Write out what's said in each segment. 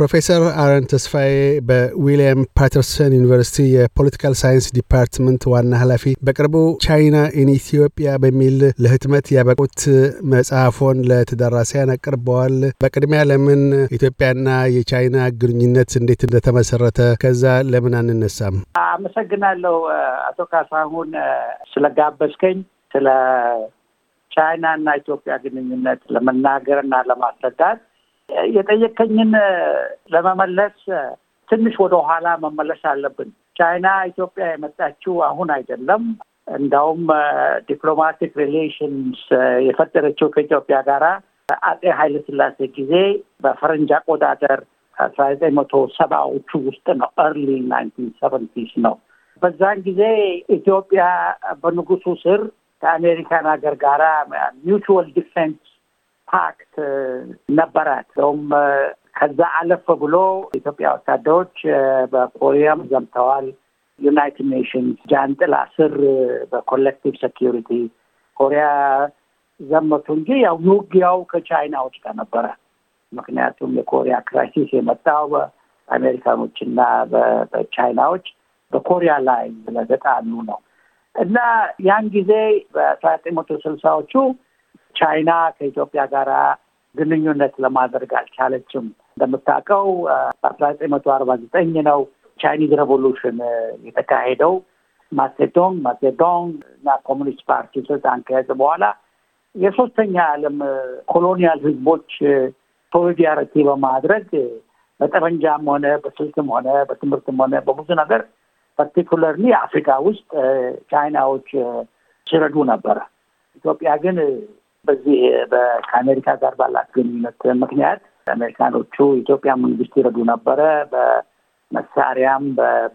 ፕሮፌሰር አረን ተስፋዬ በዊልያም ፓተርሰን ዩኒቨርሲቲ የፖለቲካል ሳይንስ ዲፓርትመንት ዋና ኃላፊ፣ በቅርቡ ቻይና ኢን ኢትዮጵያ በሚል ለህትመት ያበቁት መጽሐፎን ለተደራሲያን አቅርበዋል። በቅድሚያ ለምን ኢትዮጵያና የቻይና ግንኙነት እንዴት እንደተመሰረተ ከዛ ለምን አንነሳም? አመሰግናለሁ አቶ ካሳሁን ስለጋበዝከኝ። ስለ ቻይና እና ኢትዮጵያ ግንኙነት ለመናገር እና ለማስረዳት የጠየቀኝን ለመመለስ ትንሽ ወደ ኋላ መመለስ አለብን። ቻይና ኢትዮጵያ የመጣችው አሁን አይደለም። እንዳውም ዲፕሎማቲክ ሪሌሽንስ የፈጠረችው ከኢትዮጵያ ጋራ አጼ ኃይለ ስላሴ ጊዜ በፈረንጅ አቆጣጠር አስራ ዘጠኝ መቶ ሰባዎቹ ውስጥ ነው። ኤርሊ ናይንቲን ሰቨንቲስ ነው። በዛን ጊዜ ኢትዮጵያ በንጉሱ ስር ከአሜሪካን ሀገር ጋራ ሚውቹዋል ዲፌንስ ፓክት ነበራት። እንደውም ከዛ አለፍ ብሎ ኢትዮጵያ ወታደሮች በኮሪያም ዘምተዋል። ዩናይትድ ኔሽንስ ጃንጥላ ስር በኮሌክቲቭ ሴኪሪቲ ኮሪያ ዘመቱ እንጂ ያው ውጊያው ከቻይናዎች ጋር ነበረ። ምክንያቱም የኮሪያ ክራይሲስ የመጣው በአሜሪካኖች እና በቻይናዎች በኮሪያ ላይ ስለተጣሉ ነው እና ያን ጊዜ በአስራ ዘጠኝ መቶ ስልሳዎቹ ቻይና ከኢትዮጵያ ጋር ግንኙነት ለማድረግ አልቻለችም። እንደምታውቀው በአስራ ዘጠኝ መቶ አርባ ዘጠኝ ነው ቻይኒዝ ሬቮሉሽን የተካሄደው። ማሴዶንግ ማሴዶንግ እና ኮሚኒስት ፓርቲ ስልጣን ከያዘ በኋላ የሶስተኛ ዓለም ኮሎኒያል ህዝቦች ሶሊዳሪቲ በማድረግ በጠመንጃም ሆነ በስልትም ሆነ በትምህርትም ሆነ በብዙ ነገር ፓርቲኩለርሊ አፍሪካ ውስጥ ቻይናዎች ሲረዱ ነበረ። ኢትዮጵያ ግን በዚህ ከአሜሪካ ጋር ባላት ግንኙነት ምክንያት አሜሪካኖቹ ኢትዮጵያ መንግስት ይረዱ ነበረ። በመሳሪያም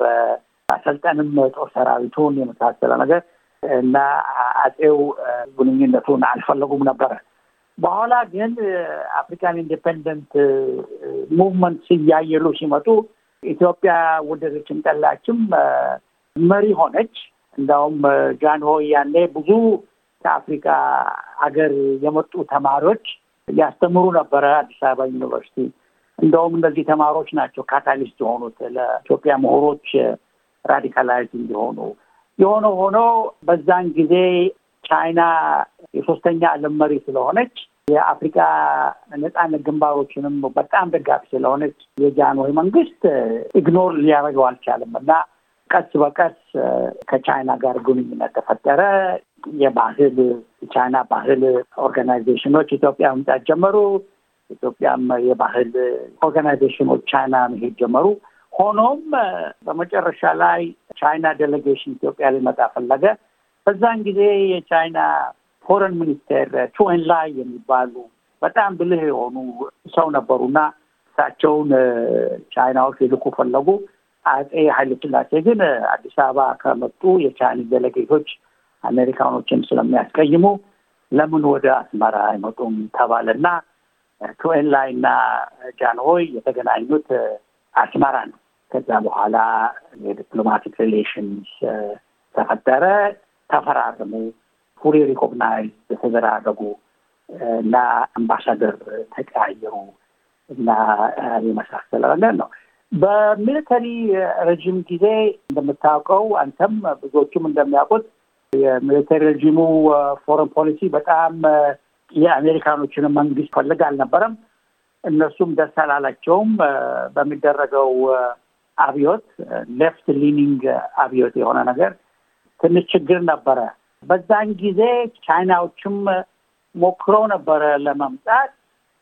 በአሰልጠንም ጦር ሰራዊቱን የመሳሰለ ነገር እና አጼው ግንኙነቱን አልፈለጉም ነበረ። በኋላ ግን አፍሪካን ኢንዲፔንደንት ሙቭመንት እያየሉ ሲመጡ ኢትዮጵያ ወደደችም ጠላችም መሪ ሆነች። እንዳውም ጃንሆይ ያኔ ብዙ ከአፍሪካ ሀገር የመጡ ተማሪዎች ሊያስተምሩ ነበረ አዲስ አበባ ዩኒቨርሲቲ። እንደውም እነዚህ ተማሪዎች ናቸው ካታሊስት የሆኑት ለኢትዮጵያ ምሁሮች ራዲካላይዝ እንዲሆኑ። የሆነ ሆኖ በዛን ጊዜ ቻይና የሶስተኛ ዓለም መሪ ስለሆነች የአፍሪካ ነጻነት ግንባሮችንም በጣም ደጋፊ ስለሆነች የጃንሆይ መንግስት ኢግኖር ሊያደርገው አልቻለም እና ቀስ በቀስ ከቻይና ጋር ግንኙነት ተፈጠረ። የባህል የቻይና ባህል ኦርጋናይዜሽኖች ኢትዮጵያ መምጣት ጀመሩ። ኢትዮጵያም የባህል ኦርጋናይዜሽኖች ቻይና መሄድ ጀመሩ። ሆኖም በመጨረሻ ላይ ቻይና ዴሌጌሽን ኢትዮጵያ ሊመጣ ፈለገ። በዛን ጊዜ የቻይና ፎረን ሚኒስቴር ቹዌን ላይ የሚባሉ በጣም ብልህ የሆኑ ሰው ነበሩና እሳቸውን ቻይናዎች ይልኩ ፈለጉ። አፄ ኃይለስላሴ ግን አዲስ አበባ ከመጡ የቻይኒዝ ዴሌጌቶች አሜሪካኖችን ስለሚያስቀይሙ ለምን ወደ አስመራ አይመጡም ተባለና ቱኤንላይ እና ጃንሆይ የተገናኙት አስመራ ነው። ከዛ በኋላ የዲፕሎማቲክ ሪሌሽንስ ተፈጠረ፣ ተፈራርሙ ፉሪ ሪኮግናይዝ ተደራረጉ እና አምባሳደር ተቀያየሩ እና የመሳሰለ ነገር ነው። በሚሊተሪ ረዥም ጊዜ እንደምታውቀው አንተም ብዙዎቹም እንደሚያውቁት የሚሊተሪ ሬጂሙ ፎረን ፖሊሲ በጣም የአሜሪካኖችንም መንግስት ፈልግ አልነበረም። እነሱም ደስ አላላቸውም። በሚደረገው አብዮት ሌፍት ሊኒንግ አብዮት የሆነ ነገር ትንሽ ችግር ነበረ። በዛን ጊዜ ቻይናዎችም ሞክረው ነበረ ለመምጣት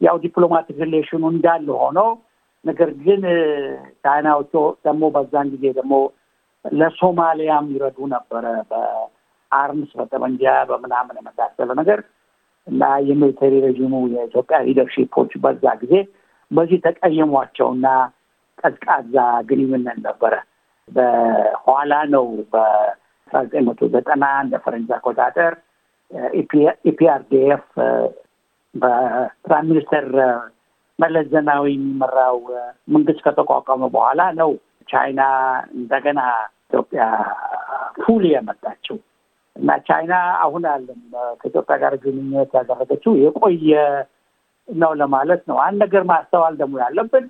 ያው ዲፕሎማቲክ ሪሌሽኑ እንዳለ ሆኖ፣ ነገር ግን ቻይናዎቹ ደግሞ በዛን ጊዜ ደግሞ ለሶማሊያም ይረዱ ነበረ አርምስ በጠመንጃ በምናምን የመሳሰለ ነገር እና የሚሊተሪ ሬዥሙ የኢትዮጵያ ሊደርሺፖች በዛ ጊዜ በዚህ ተቀየሟቸውና ቀዝቃዛ ግንኙነት ነበረ። በኋላ ነው በአስራ ዘጠኝ መቶ ዘጠና እንደ ፈረንጅ አቆጣጠር ኢፒአርዲኤፍ በፕራይም ሚኒስተር መለስ ዘናዊ የሚመራው መንግስት ከተቋቋመ በኋላ ነው ቻይና እንደገና ኢትዮጵያ ፉል የመጣችው። እና ቻይና አሁን አለም ከኢትዮጵያ ጋር ግንኙነት ያደረገችው የቆየ ነው ለማለት ነው። አንድ ነገር ማስተዋል ደግሞ ያለብን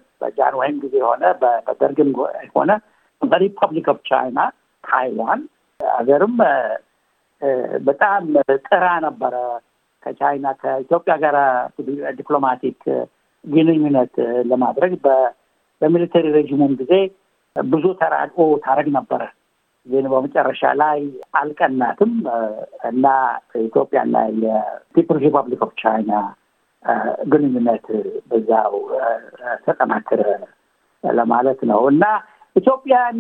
ወይም ጊዜ ሆነ በደርግም ሆነ በሪፐብሊክ ኦፍ ቻይና ታይዋን ሀገርም በጣም ጥራ ነበረ ከቻይና ከኢትዮጵያ ጋር ዲፕሎማቲክ ግንኙነት ለማድረግ በሚሊተሪ ሬጅሙም ጊዜ ብዙ ተራድኦ ታደረግ ነበረ። ግን በመጨረሻ ላይ አልቀናትም እና ኢትዮጵያና የፒፕል ሪፐብሊክ ኦፍ ቻይና ግንኙነት በዛው ተጠናክረ ለማለት ነው እና ኢትዮጵያን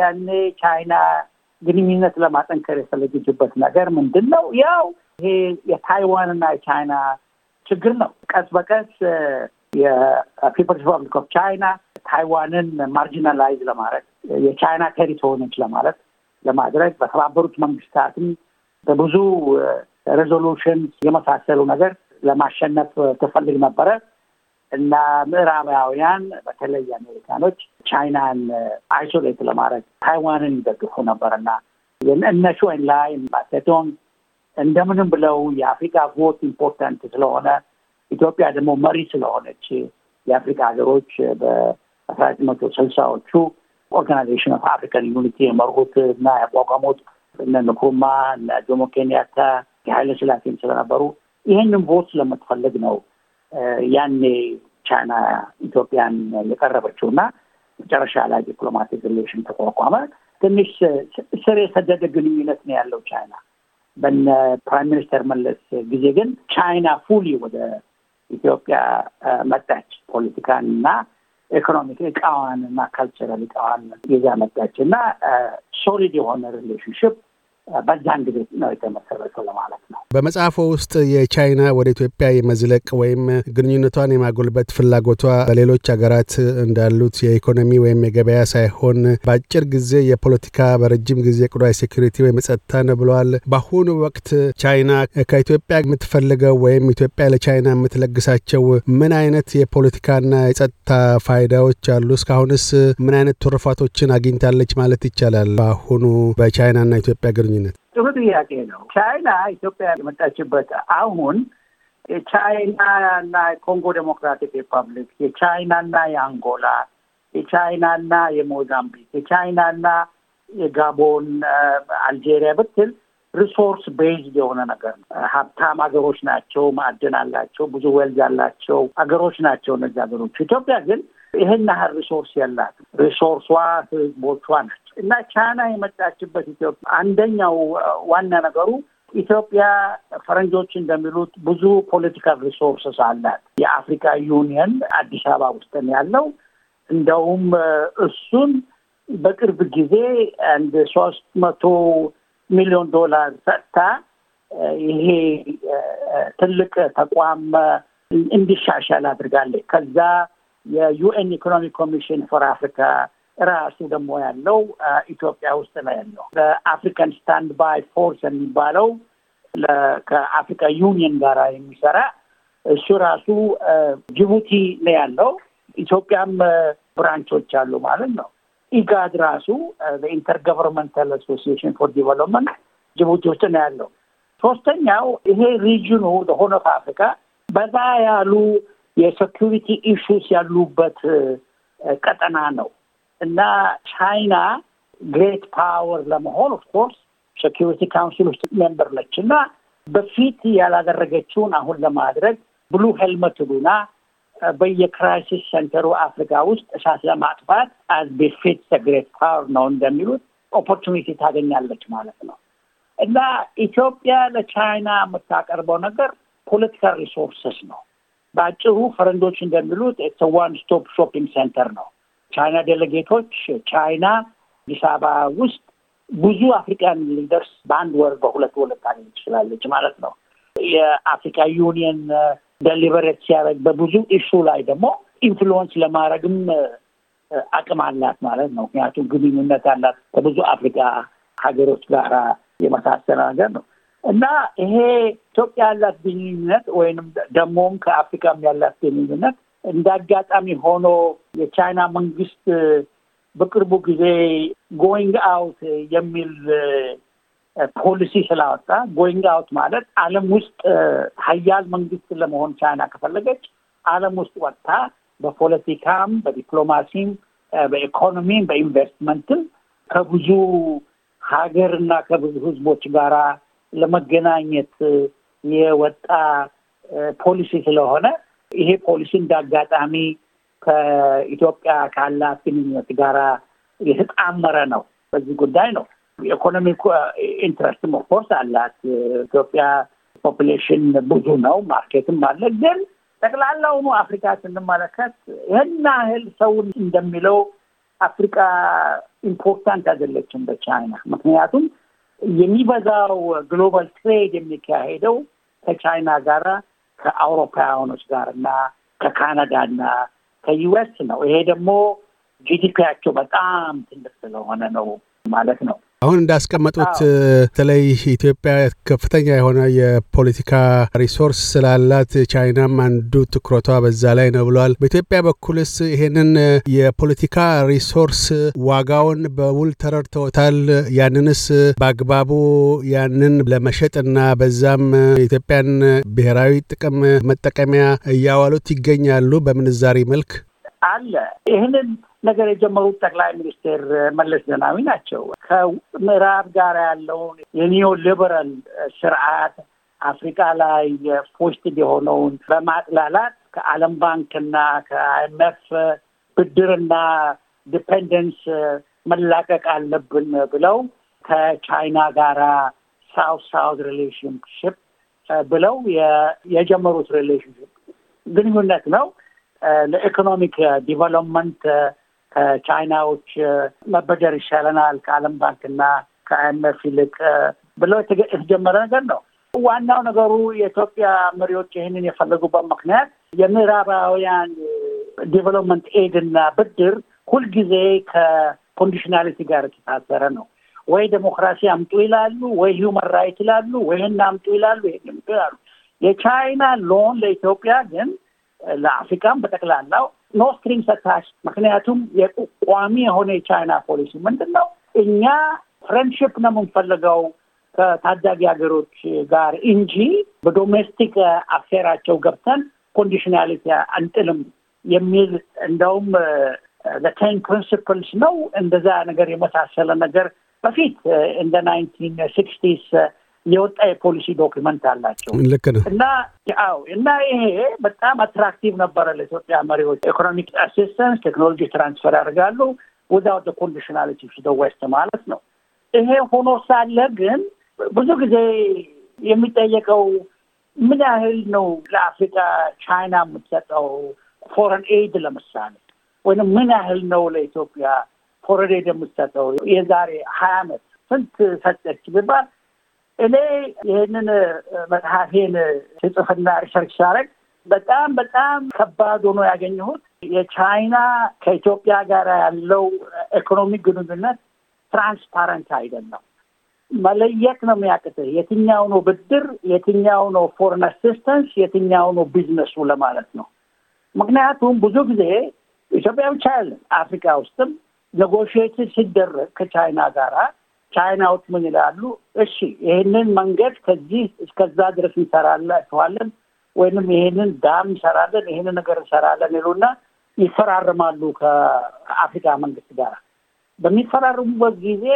ያኔ ቻይና ግንኙነት ለማጠንከር የፈለገችበት ነገር ምንድን ነው? ያው ይሄ የታይዋንና የቻይና ችግር ነው። ቀስ በቀስ የፒፕልስ ሪፐብሊክ ኦፍ ቻይና ታይዋንን ማርጂናላይዝ ለማድረግ የቻይና ቴሪቶሪ ነች ለማለት ለማድረግ በተባበሩት መንግስታትም በብዙ ሬዞሉሽን የመሳሰሉ ነገር ለማሸነፍ ትፈልግ ነበረ እና ምዕራባውያን በተለይ አሜሪካኖች ቻይናን አይሶሌት ለማድረግ ታይዋንን ይደግፉ ነበር እና እነ ሾን ላይ ማሴዶን እንደምንም ብለው የአፍሪካ ቮት ኢምፖርታንት ስለሆነ ኢትዮጵያ ደግሞ መሪ ስለሆነች የአፍሪካ ሀገሮች በአስራ ዘጠኝ መቶ ስልሳዎቹ ኦርጋናይዜሽን ኦፍ አፍሪካን ዩኒቲ የመርሁት እና ያቋቋሙት እነ ንኩሩማ እነ ጆሞ ኬንያታ የሀይለ ስላሴም ስለነበሩ ይህንን ቦት ስለምትፈልግ ነው ያኔ ቻይና ኢትዮጵያን የቀረበችው እና መጨረሻ ላይ ዲፕሎማቲክ ሪሌሽን ተቋቋመ። ትንሽ ስር የሰደደ ግንኙነት ነው ያለው ቻይና በነ ፕራይም ሚኒስተር መለስ ጊዜ ግን ቻይና ፉሊ ወደ ኢትዮጵያ መጣች ፖለቲካን እና ኢኮኖሚክ እቃዋን እና ካልቸራል እቃዋን ይዛ መጣች እና ሶሊድ የሆነ ሪሌሽንሽፕ በዛን ጊዜ ነው የተመሰረተው ለማለት ነው። በመጽሐፎ ውስጥ የቻይና ወደ ኢትዮጵያ የመዝለቅ ወይም ግንኙነቷን የማጎልበት ፍላጎቷ በሌሎች ሀገራት እንዳሉት የኢኮኖሚ ወይም የገበያ ሳይሆን በአጭር ጊዜ የፖለቲካ፣ በረጅም ጊዜ ቅዷ ሴኩሪቲ ወይም ጸጥታ ነው ብለዋል። በአሁኑ ወቅት ቻይና ከኢትዮጵያ የምትፈልገው ወይም ኢትዮጵያ ለቻይና የምትለግሳቸው ምን አይነት የፖለቲካና የጸጥታ ፋይዳዎች አሉ? እስካሁንስ ምን አይነት ትሩፋቶችን አግኝታለች ማለት ይቻላል? በአሁኑ በቻይናና ኢትዮጵያ ግንኙነት ግንኙነት? ጥሩ ጥያቄ ነው። ቻይና ኢትዮጵያ የመጣችበት አሁን የቻይና እና የኮንጎ ዴሞክራቲክ ሪፐብሊክ፣ የቻይናና የአንጎላ፣ የቻይናና የሞዛምቢክ፣ የቻይናና የጋቦን፣ አልጄሪያ ብትል ሪሶርስ ቤዝ የሆነ ነገር ነው። ሀብታም ሀገሮች ናቸው። ማዕድን አላቸው። ብዙ ወልዝ ያላቸው ሀገሮች ናቸው እነዚህ ሀገሮች። ኢትዮጵያ ግን ይህን ያህል ሪሶርስ የላት። ሪሶርሷ ህዝቦቿ ናቸው። እና ቻይና የመጣችበት ኢትዮጵያ አንደኛው ዋና ነገሩ ኢትዮጵያ ፈረንጆች እንደሚሉት ብዙ ፖለቲካል ሪሶርስስ አላት። የአፍሪካ ዩኒየን አዲስ አበባ ውስጥን ያለው እንደውም እሱን በቅርብ ጊዜ አንድ ሶስት መቶ ሚሊዮን ዶላር ሰጥታ ይሄ ትልቅ ተቋም እንዲሻሻል አድርጋለች። ከዛ የዩኤን ኢኮኖሚክ ኮሚሽን ፎር አፍሪካ ራሱ ደግሞ ያለው ኢትዮጵያ ውስጥ ነው ያለው። በአፍሪካን ስታንድ ባይ ፎርስ የሚባለው ከአፍሪካ ዩኒየን ጋር የሚሰራ እሱ ራሱ ጅቡቲ ነው ያለው። ኢትዮጵያም ብራንቾች አሉ ማለት ነው። ኢጋድ ራሱ በኢንተርገቨርንመንታል አሶሲዬሽን ፎር ዲቨሎፕመንት ጅቡቲ ውስጥ ነው ያለው። ሶስተኛው ይሄ ሪጅኑ ሆርን ኦፍ አፍሪካ በዛ ያሉ የሴኪሪቲ ኢሹስ ያሉበት ቀጠና ነው። እና ቻይና ግሬት ፓወር ለመሆን ኦፍኮርስ ሴኪሪቲ ካውንስል ውስጥ ሜምበር ነች እና በፊት ያላደረገችውን አሁን ለማድረግ ብሉ ሄልመት ሉና በየክራይሲስ ሴንተሩ አፍሪካ ውስጥ እሳት ለማጥፋት አዝ ቢፊት ግሬት ፓወር ነው እንደሚሉት ኦፖርቹኒቲ ታገኛለች ማለት ነው እና ኢትዮጵያ ለቻይና የምታቀርበው ነገር ፖለቲካል ሪሶርስስ ነው። በአጭሩ ፈረንጆች እንደሚሉት ዋን ስቶፕ ሾፒንግ ሴንተር ነው። ቻይና ዴሌጌቶች ቻይና አዲስ አበባ ውስጥ ብዙ አፍሪካን ሊደርስ በአንድ ወር በሁለት ወር ልታገኝ ትችላለች ማለት ነው። የአፍሪካ ዩኒየን ደሊቨሬት ሲያደርግ በብዙ ኢሹ ላይ ደግሞ ኢንፍሉወንስ ለማድረግም አቅም አላት ማለት ነው። ምክንያቱም ግንኙነት አላት ከብዙ አፍሪካ ሀገሮች ጋር የመሳሰለ ነገር ነው እና ይሄ ኢትዮጵያ ያላት ግንኙነት ወይንም ደግሞም ከአፍሪካም ያላት ግንኙነት እንደ አጋጣሚ ሆኖ የቻይና መንግስት በቅርቡ ጊዜ ጎይንግ አውት የሚል ፖሊሲ ስላወጣ ጎይንግ አውት ማለት ዓለም ውስጥ ሀያል መንግስት ለመሆን ቻይና ከፈለገች ዓለም ውስጥ ወጥታ በፖለቲካም፣ በዲፕሎማሲም፣ በኢኮኖሚም፣ በኢንቨስትመንትም ከብዙ ሀገር እና ከብዙ ህዝቦች ጋራ ለመገናኘት የወጣ ፖሊሲ ስለሆነ ይሄ ፖሊሲ እንዳጋጣሚ ከኢትዮጵያ ካላት ግንኙነት ጋራ የተጣመረ ነው። በዚህ ጉዳይ ነው ኢኮኖሚ ኢንትረስትም ኦፍኮርስ አላት ኢትዮጵያ። ፖፕሌሽን ብዙ ነው፣ ማርኬትም አለ። ግን ጠቅላላውኑ አፍሪካ ስንመለከት ይህን ያህል ሰውን እንደሚለው አፍሪካ ኢምፖርታንት አይደለችም በቻይና ምክንያቱም የሚበዛው ግሎባል ትሬድ የሚካሄደው ከቻይና ጋራ ከአውሮፓውያኖች ጋር እና ከካናዳ እና ከዩኤስ ነው። ይሄ ደግሞ ጂዲፒያቸው በጣም ትልቅ ስለሆነ ነው ማለት ነው። አሁን እንዳስቀመጡት በተለይ ኢትዮጵያ ከፍተኛ የሆነ የፖለቲካ ሪሶርስ ስላላት ቻይናም አንዱ ትኩረቷ በዛ ላይ ነው ብለዋል። በኢትዮጵያ በኩልስ ይሄንን የፖለቲካ ሪሶርስ ዋጋውን በውል ተረድተውታል? ያንንስ በአግባቡ ያንን ለመሸጥና በዛም የኢትዮጵያን ብሔራዊ ጥቅም መጠቀሚያ እያዋሉት ይገኛሉ በምንዛሪ መልክ አለ ይህንን ነገር የጀመሩት ጠቅላይ ሚኒስትር መለስ ዜናዊ ናቸው። ከምዕራብ ጋር ያለውን የኒዮ ሊበራል ስርዓት አፍሪካ ላይ የፎስትድ የሆነውን በማጥላላት ከዓለም ባንክና ከአይምኤፍ ብድርና ዲፔንደንስ መላቀቅ አለብን ብለው ከቻይና ጋራ ሳውት ሳውት ሪሌሽንሽፕ ብለው የጀመሩት ሪሌሽንሽፕ ግንኙነት ነው። ለኢኮኖሚክ ዲቨሎፕመንት ከቻይናዎች መበደር ይሻለናል ከዓለም ባንክና ከአይምኤፍ ይልቅ ብለው የተጀመረ ነገር ነው። ዋናው ነገሩ የኢትዮጵያ መሪዎች ይህንን የፈለጉበት ምክንያት የምዕራባውያን ዲቨሎፕመንት ኤድ እና ብድር ሁልጊዜ ከኮንዲሽናሊቲ ጋር የተሳሰረ ነው። ወይ ዴሞክራሲ አምጡ ይላሉ፣ ወይ ሂውማን ራይት ይላሉ፣ ወይህን አምጡ ይላሉ፣ ይህን አምጡ ይላሉ። የቻይና ሎን ለኢትዮጵያ ግን ለአፍሪካም በጠቅላላው ኖ ስትሪንግስ አታች። ምክንያቱም ቋሚ የሆነ የቻይና ፖሊሲ ምንድን ነው? እኛ ፍሬንድሽፕ ነው የምንፈልገው ከታዳጊ ሀገሮች ጋር እንጂ በዶሜስቲክ አፌራቸው ገብተን ኮንዲሽናሊቲ አንጥልም የሚል እንደውም ለቴን uh, ፕሪንሲፕልስ ነው እንደዛ ነገር የመሳሰለ ነገር በፊት እንደ ናይንቲን ሲክስቲስ የወጣ የፖሊሲ ዶክመንት አላቸው። ልክ ነው እና አዎ እና ይሄ በጣም አትራክቲቭ ነበረ ለኢትዮጵያ መሪዎች። ኢኮኖሚክ አሲስተንስ ቴክኖሎጂ ትራንስፈር ያደርጋሉ ዊዛውት ኮንዲሽናሊቲ ደ ዌስት ማለት ነው። ይሄ ሆኖ ሳለ ግን ብዙ ጊዜ የሚጠየቀው ምን ያህል ነው ለአፍሪካ ቻይና የምትሰጠው ፎረን ኤድ ለምሳሌ ወይም ምን ያህል ነው ለኢትዮጵያ ፎረን ኤድ የምትሰጠው የዛሬ ሀያ ዓመት ስንት ሰጠች ቢባል እኔ ይህንን መጽሐፌን ስጽፍና ሪሰርች ሳረግ በጣም በጣም ከባድ ሆኖ ያገኘሁት የቻይና ከኢትዮጵያ ጋር ያለው ኢኮኖሚ ግንኙነት ትራንስፓረንት አይደለም። መለየት ነው የሚያቅትህ የትኛው ነው ብድር፣ የትኛው ነው ፎሬን አሲስተንስ፣ የትኛው ነው ቢዝነሱ ለማለት ነው። ምክንያቱም ብዙ ጊዜ ኢትዮጵያ ብቻ ያለን አፍሪካ ውስጥም ኔጎሽዬት ሲደረግ ከቻይና ጋራ ቻይና ምን ይላሉ? እሺ ይህንን መንገድ ከዚህ እስከዛ ድረስ እንሰራላችኋለን ወይንም ይህንን ዳም እንሰራለን ይህንን ነገር እንሰራለን ይሉና ይፈራርማሉ ከአፍሪካ መንግስት ጋር። በሚፈራርሙበት ጊዜ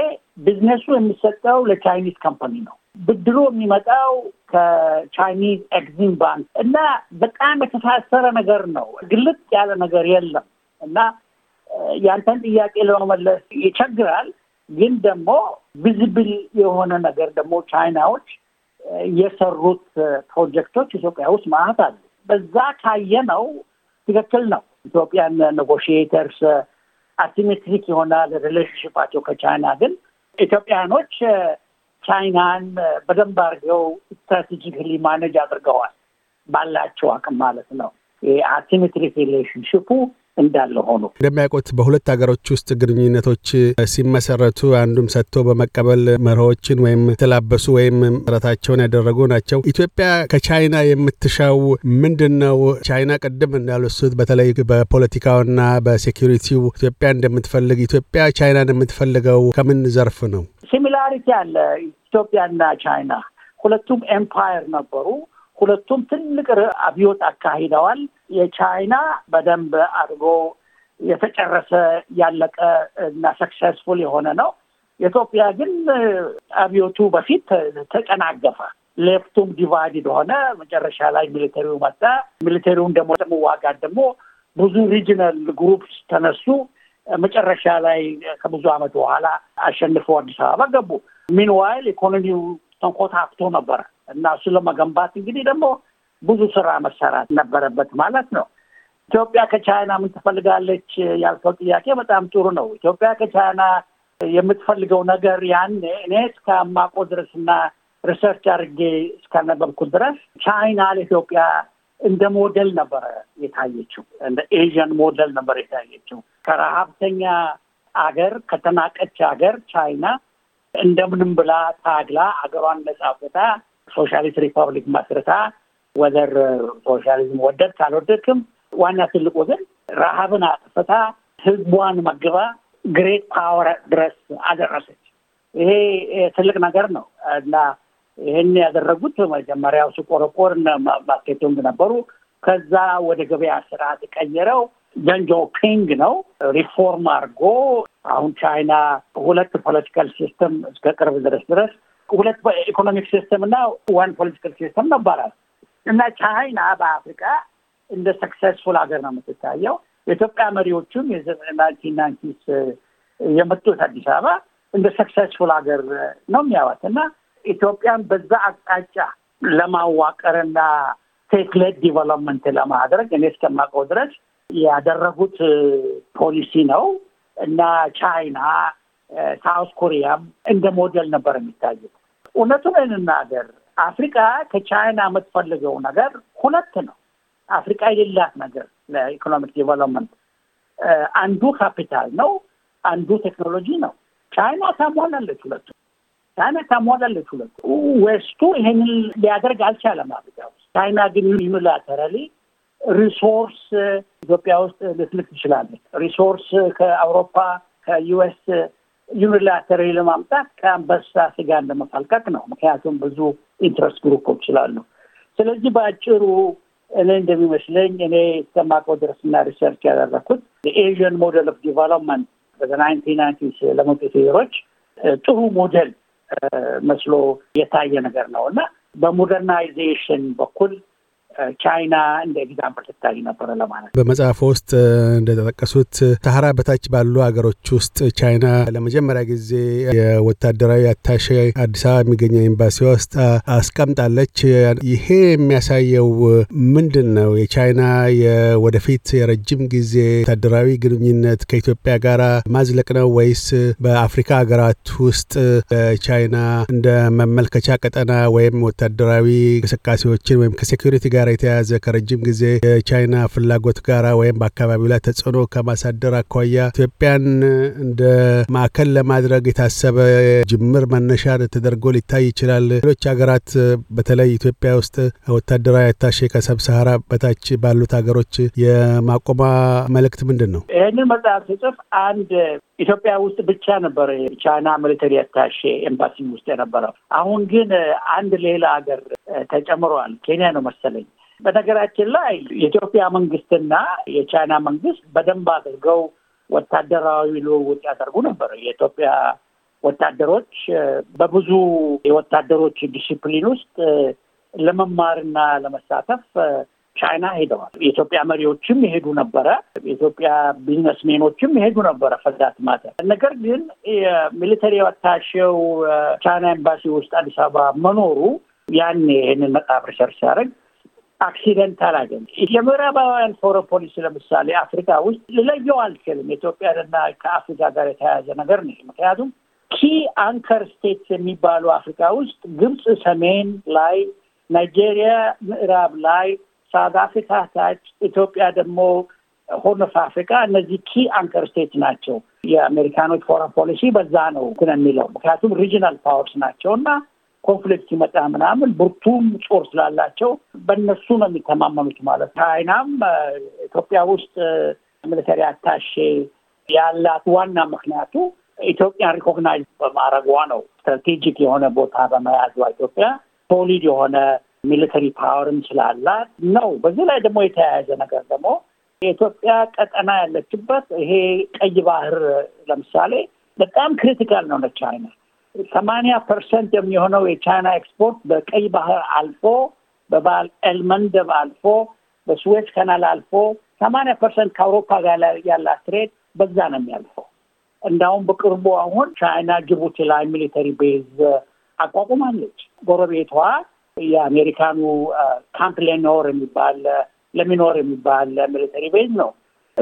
ቢዝነሱ የሚሰጠው ለቻይኒዝ ካምፓኒ ነው። ብድሩ የሚመጣው ከቻይኒዝ ኤግዚም ባንክ እና በጣም የተሳሰረ ነገር ነው። ግልጥ ያለ ነገር የለም እና ያንተን ጥያቄ ለመመለስ ይቸግራል። ግን ደግሞ ቪዚብል የሆነ ነገር ደግሞ ቻይናዎች የሰሩት ፕሮጀክቶች ኢትዮጵያ ውስጥ ማለት አሉ። በዛ ካየነው ትክክል ነው። ኢትዮጵያን ኔጎሽዬተርስ አሲሜትሪክ ይሆናል ሪሌሽንሽፓቸው ከቻይና ግን ኢትዮጵያኖች ቻይናን በደንብ አድርገው ስትራቴጂካሊ ማኔጅ አድርገዋል፣ ባላቸው አቅም ማለት ነው። ይሄ አሲሜትሪክ ሪሌሽንሽፑ እንዳለ ሆኖ እንደሚያውቁት በሁለት ሀገሮች ውስጥ ግንኙነቶች ሲመሰረቱ አንዱም ሰጥቶ በመቀበል መርሆችን ወይም የተላበሱ ወይም ጥረታቸውን ያደረጉ ናቸው። ኢትዮጵያ ከቻይና የምትሻው ምንድን ነው? ቻይና ቅድም እንዳሉሱት በተለይ በፖለቲካውና በሴኪሪቲው ኢትዮጵያ እንደምትፈልግ ኢትዮጵያ ቻይናን የምትፈልገው ከምን ዘርፍ ነው? ሲሚላሪቲ አለ ኢትዮጵያና ቻይና ሁለቱም ኤምፓየር ነበሩ። ሁለቱም ትልቅ አብዮት አካሂደዋል። የቻይና በደንብ አድርጎ የተጨረሰ ያለቀ እና ሰክሰስፉል የሆነ ነው። የኢትዮጵያ ግን አብዮቱ በፊት ተጨናገፈ። ሌፍቱም ዲቫይድድ ሆነ። መጨረሻ ላይ ሚሊተሪው መጣ። ሚሊተሪውን ደግሞ ለመዋጋት ደግሞ ብዙ ሪጅናል ግሩፕስ ተነሱ። መጨረሻ ላይ ከብዙ ዓመት በኋላ አሸንፈው አዲስ አበባ ገቡ። ሚንዋይል ኢኮኖሚው ተንኮታክቶ ነበረ። እና እሱ ለመገንባት እንግዲህ ደግሞ ብዙ ስራ መሰራት ነበረበት ማለት ነው። ኢትዮጵያ ከቻይና ምን ትፈልጋለች ያልከው ጥያቄ በጣም ጥሩ ነው። ኢትዮጵያ ከቻይና የምትፈልገው ነገር ያኔ እኔ እስከማቆ ድረስ እና ሪሰርች አድርጌ እስከነበብኩ ድረስ ቻይና ለኢትዮጵያ እንደ ሞዴል ነበረ የታየችው፣ እንደ ኤዥያን ሞዴል ነበር የታየችው። ከረሀብተኛ አገር ከተናቀች አገር ቻይና እንደምንም ብላ ታግላ አገሯን ነጻ ቦታ ሶሻሊስት ሪፐብሊክ መስርታ ወዘር ሶሻሊዝም ወደድ አልወደድክም፣ ዋና ትልቁ ግን ረሃብን አጥፍታ ህዝቧን መግባ ግሬት ፓወር ድረስ አደረሰች። ይሄ ትልቅ ነገር ነው እና ይህን ያደረጉት መጀመሪያው ሲቆረቆር ማርኬቲንግ ነበሩ። ከዛ ወደ ገበያ ስርዓት የቀየረው ደንጆ ፒንግ ነው ሪፎርም አድርጎ አሁን ቻይና ሁለት ፖለቲካል ሲስተም እስከ ቅርብ ድረስ ድረስ ሁለት ኢኮኖሚክ ሲስተም እና ዋን ፖለቲካል ሲስተም ነበራት እና ቻይና በአፍሪካ እንደ ሰክሰስፉል ሀገር ነው የምትታየው። የኢትዮጵያ መሪዎቹም ናይንቲን uh, የመጡት አዲስ አበባ እንደ ሰክሰስፉል ሀገር ነው የሚያዋት እና ኢትዮጵያን በዛ አቅጣጫ ለማዋቀርና ቴክሌድ ዲቨሎፕመንት ለማድረግ እኔ እስከማውቀው ድረስ ያደረጉት ፖሊሲ uh, ነው እና ቻይና ሳውስ uh, ኮሪያም እንደ ሞዴል ነበር የሚታዩት። እውነቱን እንናገር፣ አፍሪካ ከቻይና የምትፈልገው ነገር ሁለት ነው። አፍሪካ የሌላት ነገር ለኢኮኖሚክ ዲቨሎፕመንት አንዱ ካፒታል ነው፣ አንዱ ቴክኖሎጂ ነው። ቻይና ታሟላለች ሁለቱ። ቻይና ታሟላለች ሁለቱ። ዌስቱ ይሄንን ሊያደርግ አልቻለም አፍሪካ ውስጥ። ቻይና ግን ዩኒላተራሊ ሪሶርስ ኢትዮጵያ ውስጥ ልትልክ ትችላለች። ሪሶርስ ከአውሮፓ ከዩኤስ ዩኒላተሪ ለማምጣት ከአንበሳ ስጋ ለመፋልቀቅ ነው። ምክንያቱም ብዙ ኢንትረስት ግሩፖች ስላሉ፣ ስለዚህ በአጭሩ እኔ እንደሚመስለኝ እኔ እስከማውቀው ድረስና ሪሰርች ያደረኩት የኤዥን ሞዴል ኦፍ ዲቨሎፕመንት በናይንቲን ናይንቲስ ለመጡት ሄሮች ጥሩ ሞዴል መስሎ የታየ ነገር ነው እና በሞደርናይዜሽን በኩል ቻይና እንደ ኤግዛምፕል ትታይ ነበረ ለማለት በመጽሐፍ ውስጥ እንደተጠቀሱት ሰሀራ በታች ባሉ ሀገሮች ውስጥ ቻይና ለመጀመሪያ ጊዜ የወታደራዊ አታሸ አዲስ አበባ የሚገኘው ኤምባሲ ውስጥ አስቀምጣለች። ይሄ የሚያሳየው ምንድን ነው? የቻይና የወደፊት የረጅም ጊዜ ወታደራዊ ግንኙነት ከኢትዮጵያ ጋር ማዝለቅ ነው ወይስ በአፍሪካ ሀገራት ውስጥ ቻይና እንደ መመልከቻ ቀጠና ወይም ወታደራዊ እንቅስቃሴዎችን ወይም ከሴኩሪቲ ጋር የተያያዘ ከረጅም ጊዜ የቻይና ፍላጎት ጋር ወይም በአካባቢው ላይ ተጽዕኖ ከማሳደር አኳያ ኢትዮጵያን እንደ ማዕከል ለማድረግ የታሰበ ጅምር መነሻ ተደርጎ ሊታይ ይችላል። ሌሎች ሀገራት በተለይ ኢትዮጵያ ውስጥ ወታደራዊ አታሼ ከሰብ ሰሃራ በታች ባሉት ሀገሮች የማቆማ መልእክት ምንድን ነው? ይህንን መጽሐፍ ስጽፍ አንድ ኢትዮጵያ ውስጥ ብቻ ነበር ቻይና ሚሊተሪ አታሼ ኤምባሲ ውስጥ የነበረው። አሁን ግን አንድ ሌላ ሀገር ተጨምሯል። ኬንያ ነው መሰለኝ በነገራችን ላይ የኢትዮጵያ መንግስትና የቻይና መንግስት በደንብ አድርገው ወታደራዊ ልውውጥ ያደርጉ ነበር። የኢትዮጵያ ወታደሮች በብዙ የወታደሮች ዲሲፕሊን ውስጥ ለመማርና ለመሳተፍ ቻይና ሄደዋል። የኢትዮጵያ መሪዎችም የሄዱ ነበረ። የኢትዮጵያ ቢዝነስሜኖችም የሄዱ ነበረ ፈዛት ማተር። ነገር ግን የሚሊተሪ ወታሸው ቻይና ኤምባሲ ውስጥ አዲስ አበባ መኖሩ ያኔ ይህንን መጣፍ ሪሰርች ሲያደርግ አክሲደንታል አይደለም። የምዕራባውያን ፎረን ፖሊሲ ለምሳሌ አፍሪካ ውስጥ ልለየው አልችልም። ኢትዮጵያንና ከአፍሪካ ጋር የተያያዘ ነገር ነው። ምክንያቱም ኪ አንከር ስቴትስ የሚባሉ አፍሪካ ውስጥ ግብፅ ሰሜን ላይ፣ ናይጄሪያ ምዕራብ ላይ፣ ሳውት አፍሪካ ታች፣ ኢትዮጵያ ደግሞ ሆርን ኦፍ አፍሪካ እነዚህ ኪ አንከር ስቴት ናቸው። የአሜሪካኖች ፎረን ፖሊሲ በዛ ነው እንትን የሚለው ምክንያቱም ሪጂናል ፓወርስ ናቸው እና ኮንፍሊክት ሲመጣ ምናምን ብርቱም ጦር ስላላቸው በእነሱ ነው የሚተማመኑት ማለት ነው። ቻይናም ኢትዮጵያ ውስጥ ሚሊተሪ አታሼ ያላት ዋና ምክንያቱ ኢትዮጵያን ሪኮግናይዝ በማድረጓ ነው። ስትራቴጂክ የሆነ ቦታ በመያዟ ኢትዮጵያ ሶሊድ የሆነ ሚሊተሪ ፓወርም ስላላት ነው። በዚህ ላይ ደግሞ የተያያዘ ነገር ደግሞ የኢትዮጵያ ቀጠና ያለችበት ይሄ ቀይ ባህር ለምሳሌ በጣም ክሪቲካል ነው ነች ሰማኒያ ፐርሰንት የሚሆነው የቻይና ኤክስፖርት በቀይ ባህር አልፎ በባል ኤልመንደብ አልፎ በስዌዝ ካናል አልፎ ሰማኒያ ፐርሰንት ከአውሮፓ ጋር ያላት ትሬድ በዛ ነው የሚያልፈው። እንዳውም በቅርቡ አሁን ቻይና ጅቡቲ ላይ ሚሊተሪ ቤዝ አቋቁማለች። ጎረቤቷ የአሜሪካኑ ካምፕ ሌኖር የሚባል ለሚኖር የሚባል ሚሊተሪ ቤዝ ነው።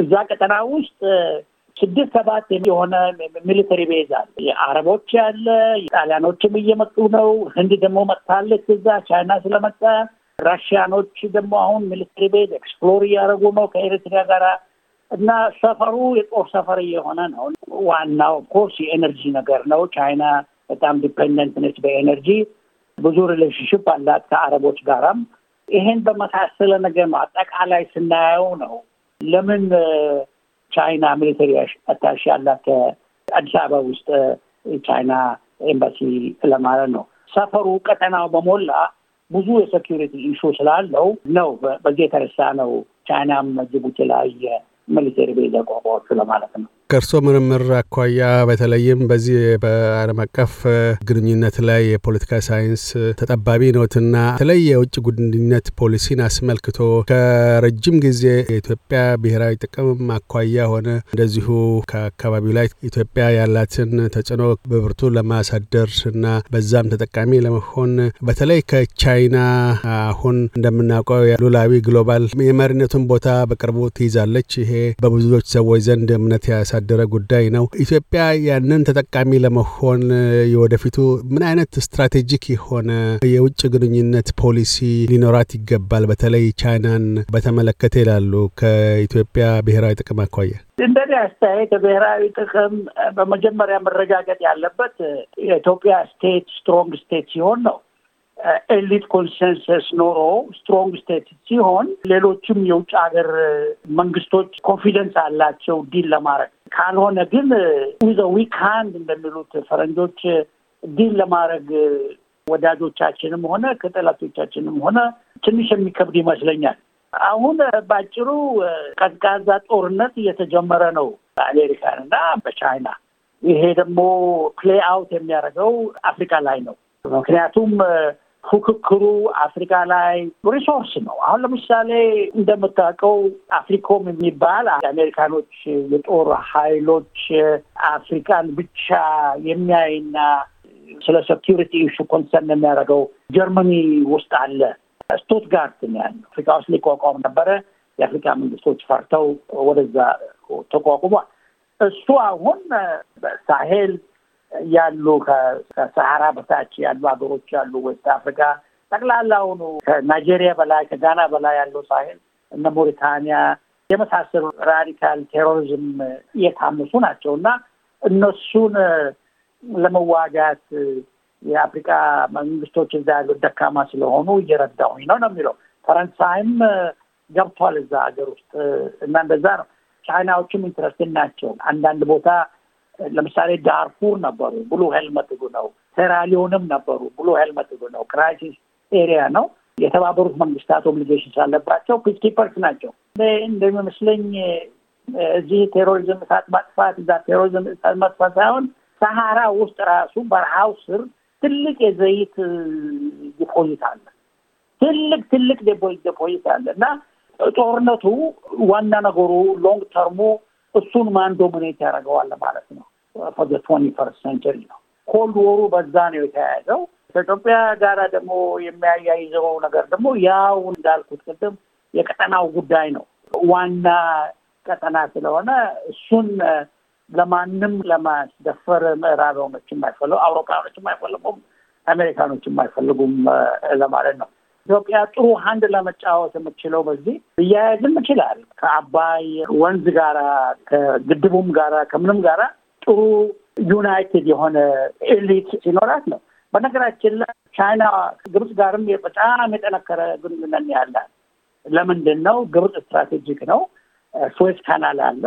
እዛ ቀጠና ውስጥ ስድስት ሰባት የሆነ ሚሊተሪ ቤዝ አለ። የአረቦች ያለ የጣሊያኖችም እየመጡ ነው። ህንድ ደግሞ መታለች እዛ ቻይና ስለመጣ ራሽያኖች ደግሞ አሁን ሚሊተሪ ቤዝ ኤክስፕሎር እያደረጉ ነው ከኤርትሪያ ጋራ እና ሰፈሩ የጦር ሰፈር እየሆነ ነው። ዋናው ኮርስ የኤነርጂ ነገር ነው። ቻይና በጣም ዲፔንደንት ነች በኤነርጂ ብዙ ሪሌሽንሽፕ አላት ከአረቦች ጋራም። ይሄን በመሳሰለ ነገር ነው አጠቃላይ ስናየው ነው ለምን ቻይና ሚሊተሪ አታሽ ያላት አዲስ አበባ ውስጥ ቻይና ኤምባሲ ለማለት ነው። ሰፈሩ ቀጠናው በሞላ ብዙ የሴኪሪቲ ኢሹ ስላለው ነው። በዚህ የተነሳ ነው ቻይናም ጅቡቲ ላይ ሚሊተሪ ቤዝ ያቋቋመችው ለማለት ነው። ከእርሶ ምርምር አኳያ በተለይም በዚህ በዓለም አቀፍ ግንኙነት ላይ የፖለቲካ ሳይንስ ተጠባቢ ነትና በተለይ የውጭ ግንኙነት ፖሊሲን አስመልክቶ ከረጅም ጊዜ የኢትዮጵያ ብሔራዊ ጥቅም አኳያ ሆነ እንደዚሁ ከአካባቢው ላይ ኢትዮጵያ ያላትን ተጽዕኖ በብርቱ ለማሳደር እና በዛም ተጠቃሚ ለመሆን በተለይ ከቻይና አሁን እንደምናውቀው ሉላዊ ግሎባል የመሪነቱን ቦታ በቅርቡ ትይዛለች። ይሄ በብዙዎች ሰዎች ዘንድ እምነት ያሳ ያሳደረ ጉዳይ ነው። ኢትዮጵያ ያንን ተጠቃሚ ለመሆን የወደፊቱ ምን አይነት ስትራቴጂክ የሆነ የውጭ ግንኙነት ፖሊሲ ሊኖራት ይገባል? በተለይ ቻይናን በተመለከተ ይላሉ ከኢትዮጵያ ብሔራዊ ጥቅም አኳያ እንደኔ አስተያየት የብሔራዊ ጥቅም በመጀመሪያ መረጋገጥ ያለበት የኢትዮጵያ ስቴት ስትሮንግ ስቴት ሲሆን ነው። ኤሊት ኮንሰንሰስ ኖሮ ስትሮንግ ስቴት ሲሆን ሌሎችም የውጭ ሀገር መንግስቶች ኮንፊደንስ አላቸው ዲል ለማድረግ ካልሆነ ግን ዊዘ ዊክ ሃንድ እንደሚሉት ፈረንጆች ዲል ለማድረግ ወዳጆቻችንም ሆነ ከጠላቶቻችንም ሆነ ትንሽ የሚከብድ ይመስለኛል። አሁን ባጭሩ ቀዝቃዛ ጦርነት እየተጀመረ ነው በአሜሪካን እና በቻይና። ይሄ ደግሞ ፕሌይ አውት የሚያደርገው አፍሪካ ላይ ነው። ምክንያቱም ፉክክሩ አፍሪካ ላይ ሪሶርስ ነው። አሁን ለምሳሌ እንደምታውቀው አፍሪኮም የሚባል የአሜሪካኖች የጦር ኃይሎች አፍሪካን ብቻ የሚያይና ስለ ሴኪሪቲ ኢሹ ኮንሰርን የሚያደርገው ጀርመኒ ውስጥ አለ። ስቱትጋርት ያለ አፍሪካ ውስጥ ሊቋቋም ነበረ። የአፍሪካ መንግስቶች ፈርተው ወደዛ ተቋቁሟል። እሱ አሁን ሳሄል ያሉ ከሰሃራ በታች ያሉ ሀገሮች ያሉ ዌስት አፍሪካ ጠቅላላውኑ ከናይጄሪያ በላይ ከጋና በላይ ያለው ሳህል እነ ሞሪታንያ የመሳሰሉ ራዲካል ቴሮሪዝም የታመሱ ናቸው እና እነሱን ለመዋጋት የአፍሪካ መንግስቶች እዛ ያሉት ደካማ ስለሆኑ እየረዳሁኝ ነው ነው የሚለው። ፈረንሳይም ገብቷል እዛ ሀገር ውስጥ እና እንደዛ ነው። ቻይናዎችም ኢንትረስቲን ናቸው አንዳንድ ቦታ ለምሳሌ ዳርፉር ነበሩ፣ ብሉ ሄል መትጉ ነው። ሴራሊዮንም ነበሩ፣ ብሉ ሄል መትጉ ነው። ክራይሲስ ኤሪያ ነው። የተባበሩት መንግስታት ኦብሊጌሽን ሳለባቸው ፒስ ኪፐርስ ናቸው። እንደሚመስለኝ እዚህ ቴሮሪዝም እሳት ማጥፋት እዛ ቴሮሪዝም እሳት ማጥፋት ሳይሆን ሰሃራ ውስጥ ራሱ በረሃው ስር ትልቅ የዘይት ዲፖዚት አለ። ትልቅ ትልቅ ዲፖዚት አለ እና ጦርነቱ ዋና ነገሩ ሎንግ ተርሙ እሱን ማን ዶሚኔት ያደርገዋል ማለት ነው። ፎር ፈርስት ሴንቸሪ ነው። ኮልድ ወሩ በዛ ነው የተያያዘው። ከኢትዮጵያ ጋር ደግሞ የሚያያይዘው ነገር ደግሞ ያው እንዳልኩት ቅድም የቀጠናው ጉዳይ ነው። ዋና ቀጠና ስለሆነ እሱን ለማንም ለማስደፈር ምዕራባውያኖች የማይፈልጉ አውሮፓኖች የማይፈልጉም አሜሪካኖች የማይፈልጉም ለማለት ነው። ኢትዮጵያ ጥሩ ሀንድ ለመጫወት የምችለው በዚህ እያያዝም ይችላል ከአባይ ወንዝ ጋራ ከግድቡም ጋራ ከምንም ጋራ ጥሩ ዩናይትድ የሆነ ኤሊት ሲኖራት ነው። በነገራችን ላይ ቻይና ግብጽ ጋርም በጣም የጠነከረ ግንኙነት ያላት ለምንድን ነው? ግብፅ ስትራቴጂክ ነው። ስዌዝ ካናል አለ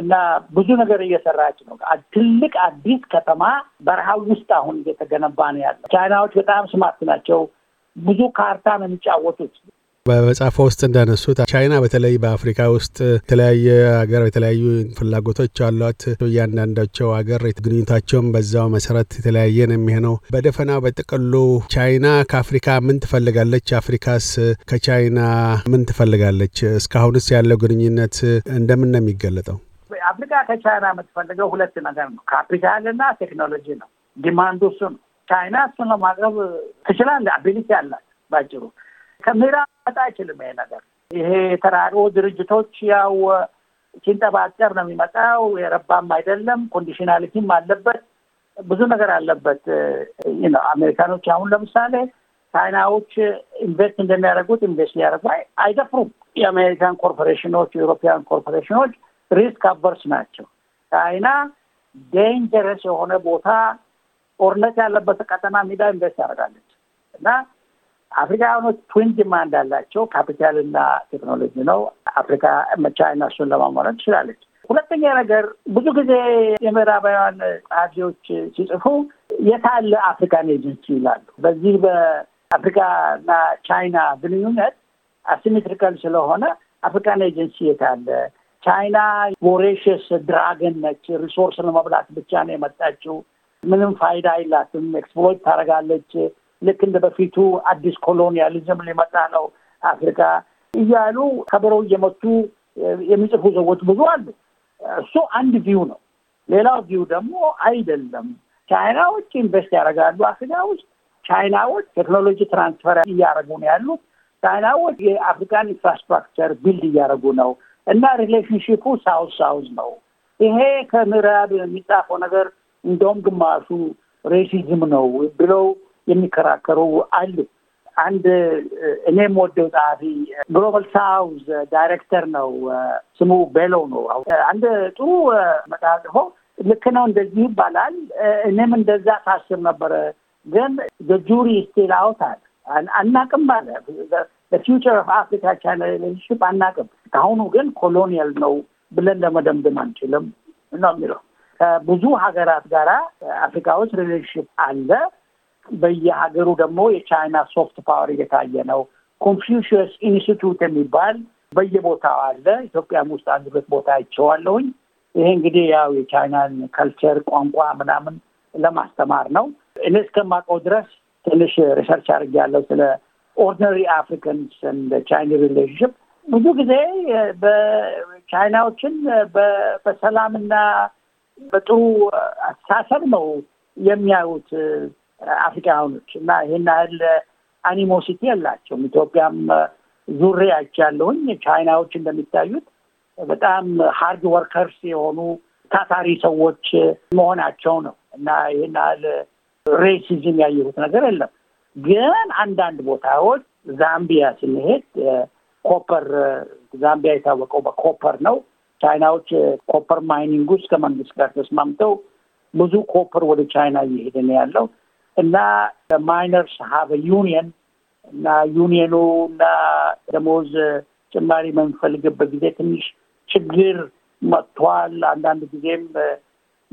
እና ብዙ ነገር እየሰራች ነው። ትልቅ አዲስ ከተማ በረሃ ውስጥ አሁን እየተገነባ ነው ያለ። ቻይናዎች በጣም ስማርት ናቸው። ብዙ ካርታ ነው የሚጫወቱት። በመጽሐፎ ውስጥ እንዳነሱት ቻይና በተለይ በአፍሪካ ውስጥ የተለያየ ሀገር የተለያዩ ፍላጎቶች አሏት። እያንዳንዳቸው ሀገር ግንኙታቸውን በዛው መሰረት የተለያየ ነው የሚሆነው። በደፈናው በጥቅሉ ቻይና ከአፍሪካ ምን ትፈልጋለች? አፍሪካስ ከቻይና ምን ትፈልጋለች? እስካሁንስ ያለው ግንኙነት እንደምን ነው የሚገለጠው? አፍሪካ ከቻይና የምትፈልገው ሁለት ነገር ነው፣ ካፒታልና ቴክኖሎጂ ነው። ዲማንዱ እሱ ነው። ቻይና እሱን ለማቅረብ ትችላለች፣ አቢሊቲ አላት። ባጭሩ ከምዕራብ መጣ አይችልም ይሄ ነገር። ይሄ የተራሮ ድርጅቶች ያው ሲንጠባጠር ነው የሚመጣው። የረባም አይደለም፣ ኮንዲሽናሊቲም አለበት፣ ብዙ ነገር አለበት። አሜሪካኖች አሁን ለምሳሌ ቻይናዎች ኢንቨስት እንደሚያደርጉት ኢንቨስት ሊያደርጉ አይደፍሩም። የአሜሪካን ኮርፖሬሽኖች፣ የኤሮፓያን ኮርፖሬሽኖች ሪስክ አቨርስ ናቸው። ቻይና ዴንጀረስ የሆነ ቦታ ጦርነት ያለበት ቀጠና ሜዳ ኢንቨስት ያደርጋለች እና አፍሪካውያኖች ትዊን ዲማንድ አላቸው። ካፒታልና ቴክኖሎጂ ነው። አፍሪካ ቻይና እሱን ለማሟላት ትችላለች። ሁለተኛ ነገር ብዙ ጊዜ የምዕራባውያን ጸሐፊዎች ሲጽፉ የታለ አፍሪካን ኤጀንሲ ይላሉ። በዚህ እና ቻይና ግንኙነት አሲሜትሪካል ስለሆነ አፍሪካን ኤጀንሲ የታለ ቻይና ቮሬሽስ ድራገን ነች። ሪሶርስ ለመብላት ብቻ ነው የመጣችው ምንም ፋይዳ አይላትም። ኤክስፖርት ታደርጋለች። ልክ እንደ በፊቱ አዲስ ኮሎኒያሊዝም ሊመጣ ነው አፍሪካ እያሉ ከበሮ እየመቱ የሚጽፉ ሰዎች ብዙ አሉ። እሱ አንድ ቪው ነው። ሌላው ቪው ደግሞ አይደለም፣ ቻይናዎች ኢንቨስት ያደርጋሉ አፍሪካ ውስጥ። ቻይናዎች ቴክኖሎጂ ትራንስፈር እያደረጉ ነው ያሉት። ቻይናዎች የአፍሪካን ኢንፍራስትራክቸር ቢልድ እያደረጉ ነው እና ሪሌሽንሽፑ ሳውዝ ሳውዝ ነው። ይሄ ከምዕራብ የሚጻፈው ነገር እንደውም ግማሹ ሬሲዝም ነው ብለው የሚከራከሩ አሉ። አንድ እኔም ወደው ጸሐፊ ግሎባል ሳውዝ ዳይሬክተር ነው ስሙ ቤሎ ነው። አንድ ጥሩ መጽሐፍ ልክ ነው እንደዚህ ይባላል። እኔም እንደዛ ሳስብ ነበረ፣ ግን ጁሪ ስቲል አናቅም አለ ፊውቸር ኦፍ አፍሪካ ቻይና ሪሌሽንሽፕ አናቅም። ከአሁኑ ግን ኮሎኒያል ነው ብለን ለመደምደም አንችልም ነው የሚለው ከብዙ ሀገራት ጋር አፍሪካ ውስጥ ሪሌሽንሽፕ አለ። በየሀገሩ ደግሞ የቻይና ሶፍት ፓወር እየታየ ነው። ኮንፊሽስ ኢንስቲቱት የሚባል በየቦታው አለ። ኢትዮጵያም ውስጥ አንድበት ቦታ አይቼዋለሁኝ። ይሄ እንግዲህ ያው የቻይናን ከልቸር ቋንቋ ምናምን ለማስተማር ነው። እኔ እስከማውቀው ድረስ ትንሽ ሪሰርች አድርጌያለሁ ስለ ኦርዲነሪ አፍሪካንስ እንደ ቻይኒ ሪሌሽንሽፕ። ብዙ ጊዜ በቻይናዎችን በሰላምና በጥሩ አስተሳሰብ ነው የሚያዩት አፍሪካኖች እና ይህን ያህል አኒሞሲቲ የላቸውም። ኢትዮጵያም ዙሬ ያለውኝ ቻይናዎች እንደሚታዩት በጣም ሀርድ ወርከርስ የሆኑ ታታሪ ሰዎች መሆናቸው ነው እና ይህን ያህል ሬሲዝም ያየሁት ነገር የለም። ግን አንዳንድ ቦታዎች ዛምቢያ ስንሄድ ኮፐር ዛምቢያ የታወቀው በኮፐር ነው። ቻይናዎች ኮፐር ማይኒንግ ውስጥ ከመንግስት ጋር ተስማምተው ብዙ ኮፐር ወደ ቻይና እየሄደ ነው ያለው እና ማይነርስ ሀበ ዩኒየን እና ዩኒየኑ እና ደሞዝ ጭማሪ በሚፈልግበት ጊዜ ትንሽ ችግር መጥቷል። አንዳንድ ጊዜም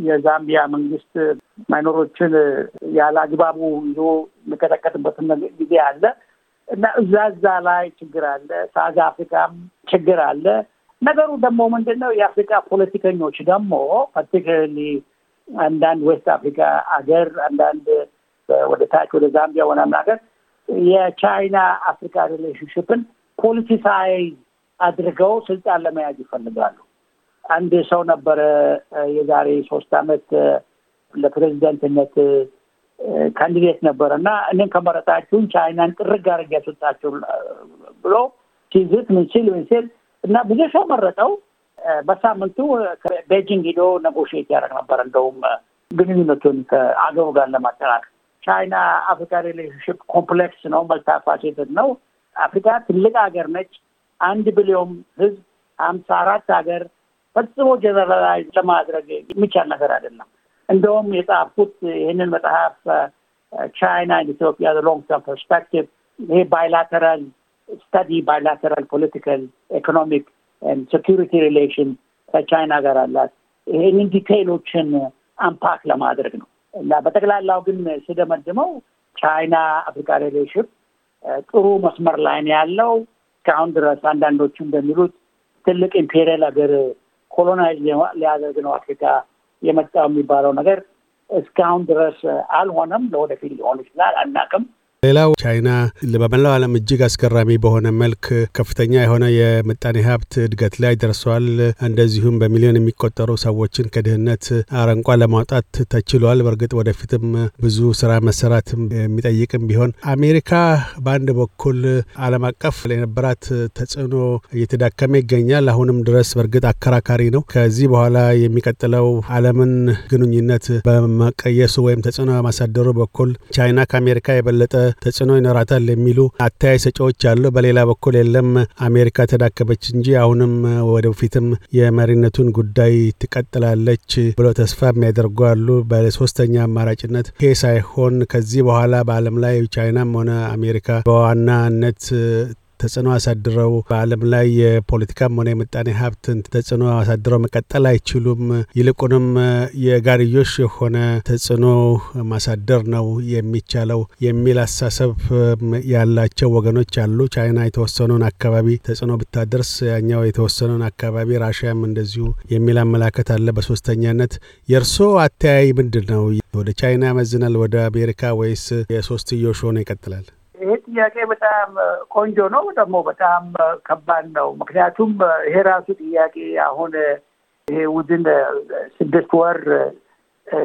የዛምቢያ መንግስት ማይኖሮችን ያለ አግባቡ ይዞ የሚቀጠቀጥበት ጊዜ አለ እና እዛ እዛ ላይ ችግር አለ። ሳውዝ አፍሪካም ችግር አለ። ነገሩ ደግሞ ምንድን ነው? የአፍሪካ ፖለቲከኞች ደግሞ ፓርቲክሊ አንዳንድ ዌስት አፍሪካ አገር አንዳንድ ወደ ታች ወደ ዛምቢያ ወናምን ሀገር የቻይና አፍሪካ ሪሌሽንሽፕን ፖለቲሳይ አድርገው ስልጣን ለመያዝ ይፈልጋሉ። አንድ ሰው ነበረ የዛሬ ሶስት አመት ለፕሬዚደንትነት ካንዲዴት ነበረ እና እኔን ከመረጣችሁን ቻይናን ጥርግ አድርጌ ያስወጣችሁ ብሎ ሲዝት ምን ሲል ምን ሲል እና ብዙ ሰው መረጠው። በሳምንቱ ቤጂንግ ሂዶ ነጎሽት ያደረግ ነበር። እንደውም ግንኙነቱን ከአገሩ ጋር ለማጠናከር ቻይና አፍሪካ ሪሌሽንሽፕ ኮምፕሌክስ ነው፣ መልታ ፋሴትድ ነው። አፍሪካ ትልቅ ሀገር ነች። አንድ ቢሊዮን ህዝብ ሀምሳ አራት ሀገር ፈጽሞ ጀነራላይዝ ለማድረግ የሚቻል ነገር አይደለም። እንደውም የጻፉት ይህንን መጽሐፍ ቻይና ኢትዮጵያ ሎንግ ተርም ፐርስፔክቲቭ ይሄ ባይላተራል ስታዲ bilateral ፖለቲካል ኢኮኖሚክ ሴኪሪቲ ሪሌሽን ከቻይና ጋር አላት። ይህንን ዲቴይሎችን አምፓክ uh, ለማድረግ ነው እና በጠቅላላው ግን ስደመድመው ቻይና አፍሪካ ሪሌሽን uh, ጥሩ መስመር ላይ ያለው። እስካሁን ድረስ አንዳንዶቹ እንደሚሉት ትልቅ ኢምፔሪያል ሀገር ኮሎናይዝ ሊያደርግ ነው አፍሪካ የመጣው የሚባለው ነገር እስካሁን ድረስ uh, አልሆነም። ለወደፊት ሊሆን ይችላል፣ አናውቅም። ሌላው ቻይና በመላው ዓለም እጅግ አስገራሚ በሆነ መልክ ከፍተኛ የሆነ የምጣኔ ሀብት እድገት ላይ ደርሷል። እንደዚሁም በሚሊዮን የሚቆጠሩ ሰዎችን ከድህነት አረንቋ ለማውጣት ተችሏል። በእርግጥ ወደፊትም ብዙ ስራ መሰራት የሚጠይቅም ቢሆን አሜሪካ በአንድ በኩል ዓለም አቀፍ የነበራት ተጽዕኖ እየተዳከመ ይገኛል። አሁንም ድረስ በእርግጥ አከራካሪ ነው። ከዚህ በኋላ የሚቀጥለው ዓለምን ግንኙነት በመቀየሱ ወይም ተጽዕኖ በማሳደሩ በኩል ቻይና ከአሜሪካ የበለጠ ተጽዕኖ ይኖራታል የሚሉ አተያይ ሰጪዎች አሉ። በሌላ በኩል የለም አሜሪካ ተዳከበች እንጂ አሁንም ወደፊትም የመሪነቱን ጉዳይ ትቀጥላለች ብሎ ተስፋ የሚያደርጉ አሉ። በሶስተኛ አማራጭነት ይሄ ሳይሆን ከዚህ በኋላ በዓለም ላይ ቻይናም ሆነ አሜሪካ በዋናነት ተጽዕኖ አሳድረው በዓለም ላይ የፖለቲካም ሆነ የምጣኔ ሀብትን ተጽዕኖ አሳድረው መቀጠል አይችሉም። ይልቁንም የጋርዮሽ የሆነ ተጽዕኖ ማሳደር ነው የሚቻለው የሚል አሳሰብ ያላቸው ወገኖች አሉ። ቻይና የተወሰነውን አካባቢ ተጽዕኖ ብታደርስ ያኛው የተወሰነውን አካባቢ ራሽያም እንደዚሁ የሚል አመላከት አለ። በሶስተኛነት የእርስዎ አተያይ ምንድን ነው? ወደ ቻይና ያመዝናል? ወደ አሜሪካ ወይስ የሶስትዮሽ ሆኖ ይቀጥላል? ይሄ ጥያቄ በጣም ቆንጆ ነው፣ ደግሞ በጣም ከባድ ነው። ምክንያቱም ይሄ ራሱ ጥያቄ አሁን ይሄ ውድን ስድስት ወር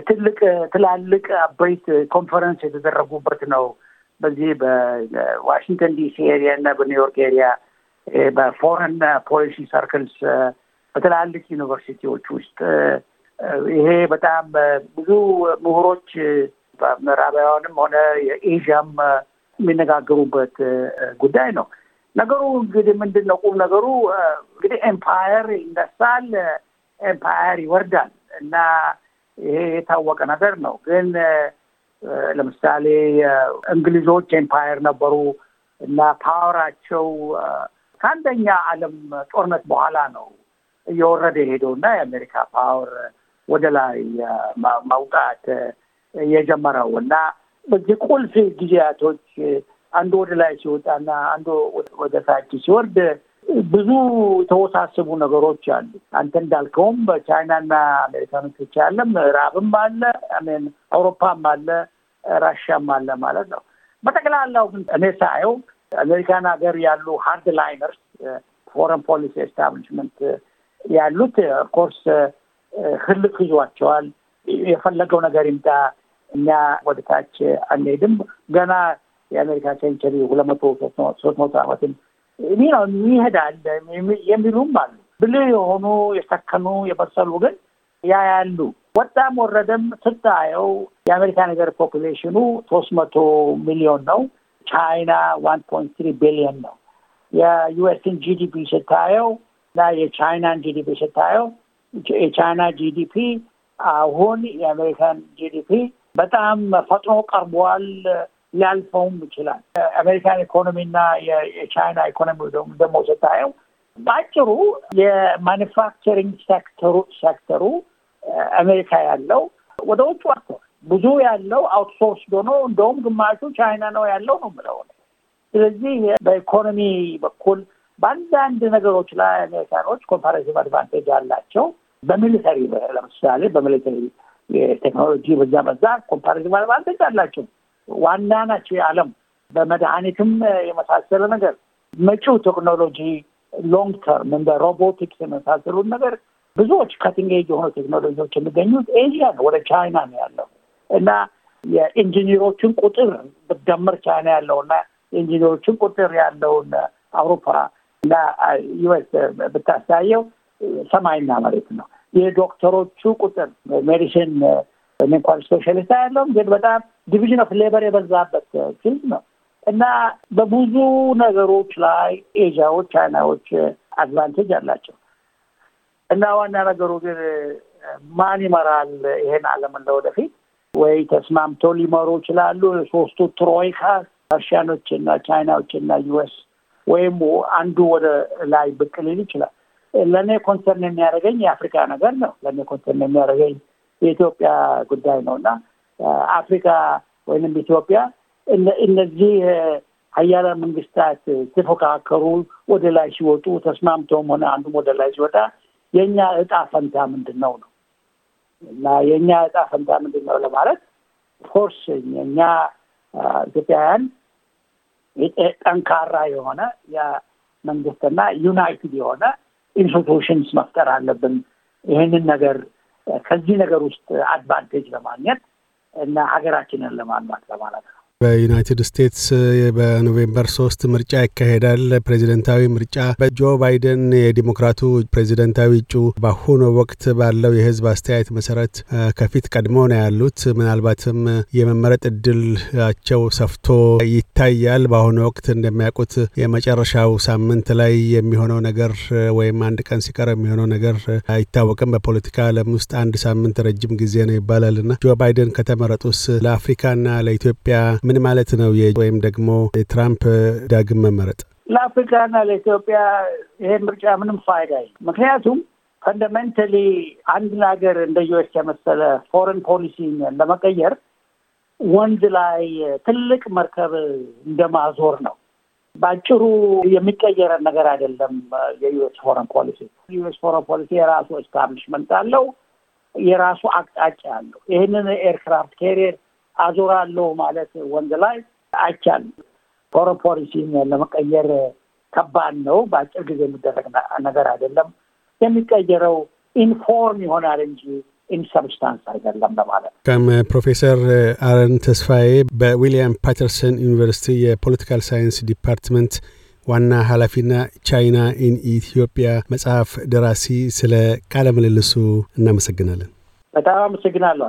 ትልቅ ትላልቅ አበይት ኮንፈረንስ የተደረጉበት ነው። በዚህ በዋሽንግተን ዲሲ ኤሪያ እና በኒውዮርክ ኤሪያ በፎረን ፖሊሲ ሰርክልስ በትላልቅ ዩኒቨርሲቲዎች ውስጥ ይሄ በጣም ብዙ ምሁሮች በምዕራባውያንም ሆነ የኤዥያም የሚነጋገሩበት ጉዳይ ነው። ነገሩ እንግዲህ ምንድን ነው? ቁም ነገሩ እንግዲህ ኤምፓየር ይነሳል፣ ኤምፓየር ይወርዳል እና ይሄ የታወቀ ነገር ነው። ግን ለምሳሌ እንግሊዞች ኤምፓየር ነበሩ እና ፓወራቸው ከአንደኛ ዓለም ጦርነት በኋላ ነው እየወረደ የሄደው እና የአሜሪካ ፓወር ወደ ላይ ማውጣት የጀመረው እና የቁልፍ ጊዜያቶች አንዱ ወደ ላይ ሲወጣና አንዱ ወደ ታች ሲወርድ ብዙ የተወሳሰቡ ነገሮች አሉ። አንተ እንዳልከውም በቻይናና አሜሪካኖች ብቻ አለ፣ ምዕራብም አለ፣ ሜን አውሮፓም አለ፣ ራሽያም አለ ማለት ነው። በጠቅላላው ግን እኔ ሳየው አሜሪካን ሀገር ያሉ ሀርድ ላይነርስ ፎረን ፖሊሲ ኤስታብሊሽመንት ያሉት ኦፍኮርስ ህልቅ ይዟቸዋል። የፈለገው ነገር ይምጣ እኛ ወደታች አንሄድም። ገና የአሜሪካ ሴንቸሪ ሁለት መቶ ሶስት መቶ ዓመትም ይህ ነው ይሄዳል የሚሉም አሉ። ብልህ የሆኑ የሰከኑ የበሰሉ ግን ያ ያሉ ወጣም ወረደም ስታየው የአሜሪካ ነገር ፖፕሌሽኑ ሶስት መቶ ሚሊዮን ነው። ቻይና ዋን ፖይንት ትሪ ቢሊዮን ነው። የዩኤስን ጂዲፒ ስታየው እና የቻይናን ጂዲፒ ስታየው የቻይና ጂዲፒ አሁን የአሜሪካን ጂዲፒ በጣም ፈጥኖ ቀርቧል። ሊያልፈውም ይችላል። የአሜሪካን ኢኮኖሚና የቻይና ኢኮኖሚ ደግሞ ስታየው በአጭሩ የማኒፋክቸሪንግ ሴክተሩ ሴክተሩ አሜሪካ ያለው ወደ ውጭ ወጥቶ ብዙ ያለው አውትሶርስ ዶኖ እንደውም ግማሹ ቻይና ነው ያለው ነው ምለው። ስለዚህ በኢኮኖሚ በኩል በአንዳንድ ነገሮች ላይ አሜሪካኖች ኮምፓሬቲቭ አድቫንቴጅ አላቸው። በሚሊተሪ ለምሳሌ በሚሊተሪ የቴክኖሎጂ በዛ በዛ ኮምፓሪቲቭ አድቫንቴጅ አላቸው። ዋና ናቸው የዓለም በመድኃኒትም የመሳሰለ ነገር መጪው ቴክኖሎጂ ሎንግ ተርም እንደ ሮቦቲክስ የመሳሰሉን ነገር ብዙዎች ከቲንግ ኤጅ የሆኑ ቴክኖሎጂዎች የሚገኙት ኤዥያ ነው፣ ወደ ቻይና ነው ያለው እና የኢንጂኒሮችን ቁጥር ብትደምር ቻይና ያለው እና የኢንጂኒሮችን ቁጥር ያለውን አውሮፓ እና ዩኤስ ብታሳየው ሰማይና መሬት ነው። የዶክተሮቹ ቁጥር ሜዲሲን እኔ እንኳን ስፔሻሊስት ያለውም ግን በጣም ዲቪዥን ኦፍ ሌበር የበዛበት ፊልድ ነው እና በብዙ ነገሮች ላይ ኤዥያዎች፣ ቻይናዎች አድቫንቴጅ አላቸው እና ዋና ነገሩ ግን ማን ይመራል ይሄን ዓለምን ለወደፊት? ወይ ተስማምቶ ሊመሩ ይችላሉ ሶስቱ ትሮይካ ራሽያኖች እና ቻይናዎች እና ዩኤስ ወይም አንዱ ወደ ላይ ብቅ ሊል ይችላል። ለእኔ ኮንሰርን የሚያደርገኝ የአፍሪካ ነገር ነው። ለእኔ ኮንሰርን የሚያደርገኝ የኢትዮጵያ ጉዳይ ነው እና አፍሪካ ወይንም ኢትዮጵያ እነዚህ አያለ መንግስታት ሲፎካከሩ ወደ ላይ ሲወጡ ተስማምተውም ሆነ አንዱም ወደ ላይ ሲወጣ የእኛ እጣ ፈንታ ምንድን ነው ነው እና የእኛ እጣ ፈንታ ምንድን ነው ለማለት ፎርስ የእኛ ኢትዮጵያውያን ጠንካራ የሆነ የመንግስትና ዩናይትድ የሆነ ኢንስቲቱሽንስ መፍጠር አለብን። ይህንን ነገር ከዚህ ነገር ውስጥ አድቫንቴጅ ለማግኘት እና ሀገራችንን ለማልማት ለማለት ነው። በዩናይትድ ስቴትስ በኖቬምበር ሶስት ምርጫ ይካሄዳል። ፕሬዚደንታዊ ምርጫ በጆ ባይደን የዲሞክራቱ ፕሬዚደንታዊ እጩ በአሁኑ ወቅት ባለው የህዝብ አስተያየት መሰረት ከፊት ቀድሞ ነው ያሉት። ምናልባትም የመመረጥ እድላቸው ሰፍቶ ይታያል። በአሁኑ ወቅት እንደሚያውቁት የመጨረሻው ሳምንት ላይ የሚሆነው ነገር ወይም አንድ ቀን ሲቀር የሚሆነው ነገር አይታወቅም። በፖለቲካ ዓለም ውስጥ አንድ ሳምንት ረጅም ጊዜ ነው ይባላል እና ጆ ባይደን ከተመረጡስ ለአፍሪካና ለኢትዮጵያ ምን ማለት ነው? ወይም ደግሞ የትራምፕ ዳግም መመረጥ ለአፍሪካና ለኢትዮጵያ ይሄን ምርጫ ምንም ፋይዳ ምክንያቱም ፈንዳሜንታሊ አንድን ሀገር እንደ ዩኤስ የመሰለ ፎሬን ፖሊሲ ለመቀየር ወንዝ ላይ ትልቅ መርከብ እንደማዞር ነው። በአጭሩ የሚቀየረን ነገር አይደለም። የዩኤስ ፎረን ፖሊሲ ዩኤስ ፎረን ፖሊሲ የራሱ ኤስታብሊሽመንት አለው፣ የራሱ አቅጣጫ አለው። ይህንን ኤርክራፍት ኬሪየር አዞራለሁ ማለት ወንዝ ላይ አይቻልም። ፎረን ፖሊሲን ለመቀየር ከባድ ነው። በአጭር ጊዜ የሚደረግ ነገር አይደለም። የሚቀየረው ኢንፎርም ይሆናል እንጂ ኢንሰብስታንስ አይደለም ለማለት ፕሮፌሰር አረን ተስፋዬ በዊሊያም ፓተርሰን ዩኒቨርሲቲ የፖለቲካል ሳይንስ ዲፓርትመንት ዋና ኃላፊና ቻይና ኢን ኢትዮጵያ መጽሐፍ ደራሲ ስለ ቃለ ምልልሱ እናመሰግናለን። በጣም አመሰግናለሁ።